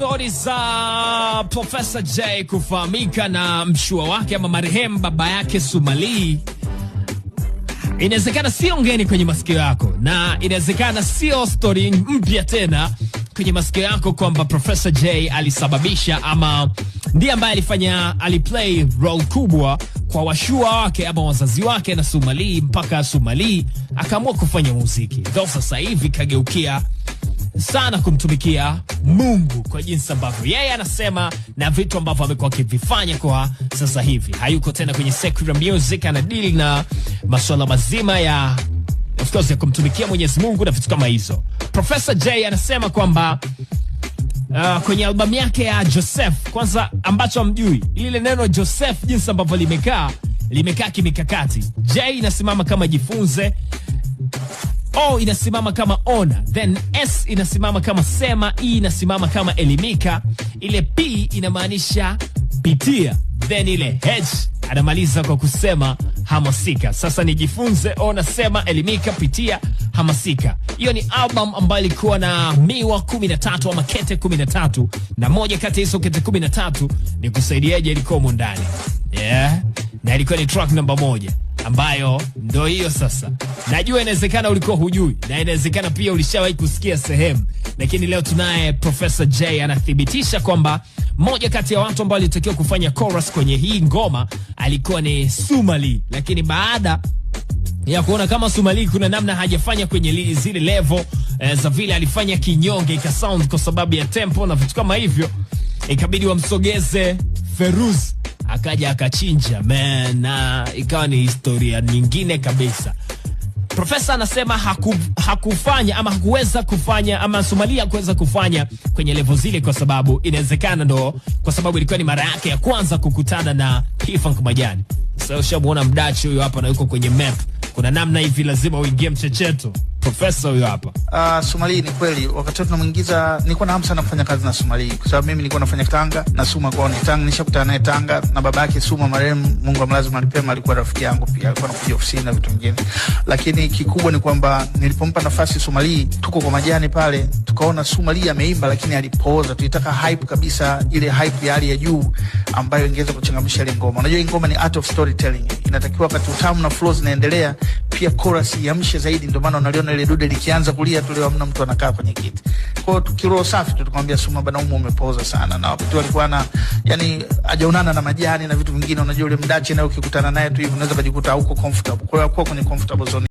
Stori za Profesa Jay kufahamika na mshua wake ama marehemu baba yake Sumali inawezekana sio ngeni kwenye masikio yako, na inawezekana sio stori mpya tena kwenye masikio yako kwamba Profesa Jay alisababisha ama ndiye ambaye alifanya aliplay role kubwa kwa washua wake ama wazazi wake na Sumali mpaka Sumali akaamua kufanya muziki, ndo sasa hivi kageukia sana kumtumikia Mungu kwa jinsi ambavyo yeye anasema na vitu ambavyo amekuwa akivifanya kwa sasa hivi. Hayuko tena kwenye secular music, anadili na masuala mazima ya of course ya kumtumikia Mwenyezi Mungu na vitu kama hizo. Professor J anasema kwamba Uh, kwenye albamu yake ya Joseph kwanza, ambacho amjui lile neno Joseph, jinsi ambavyo limekaa limekaa kimikakati. J inasimama kama jifunze O inasimama kama ona, then S inasimama kama sema, E inasimama kama elimika, ile P inamaanisha pitia, then ile H anamaliza kwa kusema hamasika. Sasa nijifunze, ona, sema, elimika, pitia, hamasika. Hiyo ni album ambayo ilikuwa na miwa 13 ama kete 13, na moja kati ya hizo kete 13 ni kusaidiaje ilikuwa humo ndani, yeah, na ilikuwa ni track namba moja ambayo ndo hiyo sasa. Najua inawezekana ulikuwa hujui na inawezekana pia ulishawahi kusikia sehemu, lakini leo tunaye Profesa J anathibitisha kwamba moja kati ya watu ambao walitakiwa kufanya chorus kwenye hii ngoma alikuwa ni Sumali, lakini baada ya kuona kama Sumali kuna namna hajafanya kwenye li, zile level eh, za vile alifanya kinyonge ika sound kwa sababu ya tempo na vitu kama hivyo, ikabidi wamsogeze Feruz akaja akachinja mena na ikawa ni historia nyingine kabisa. Profesa anasema haku, hakufanya ama hakuweza kufanya ama Somalia hakuweza kufanya kwenye levo zile, kwa sababu inawezekana ndo kwa sababu ilikuwa ni mara yake ya kwanza kukutana na pifank Majani. sashamwona so, mdachi huyo hapa na yuko kwenye map kuna namna hivi lazima uingie mchecheto. Profesa huyo hapa. Uh, ah, Sumali ni kweli, wakati tunamuingiza nilikuwa na hamu sana kufanya kazi na Sumali kwa sababu mimi nilikuwa nafanya Tanga na Suma kwao ni Tanga, nishakutana naye Tanga na baba yake Suma marehemu, Mungu amlaze mahali pema, alikuwa rafiki yangu pia, alikuwa anakuja ofisini na vitu vingine. Lakini kikubwa ni kwamba nilipompa nafasi Sumali, tuko kwa majani pale, tukaona Sumali ameimba, lakini alipooza, tulitaka hype kabisa, ile hype ya hali ya juu ambayo ingeweza kuchangamsha ile ngoma. Unajua, ngoma ni art of storytelling, inatakiwa wakati utamu na flow zinaendelea, pia chorus iamshe zaidi. Ndio maana unaliona ile dude likianza kulia tu, leo hamna mtu anakaa kwenye kiti. Kwa hiyo tukiroho safi tu tukamwambia Suma bana, umu umepoza sana, na wakati alikuwa na yani ajaonana na majani na vitu vingine. Unajua, ule mdachi naye ukikutana naye tu hivi unaweza kujikuta huko comfortable, kwa hiyo hakuwa kwenye comfortable zone.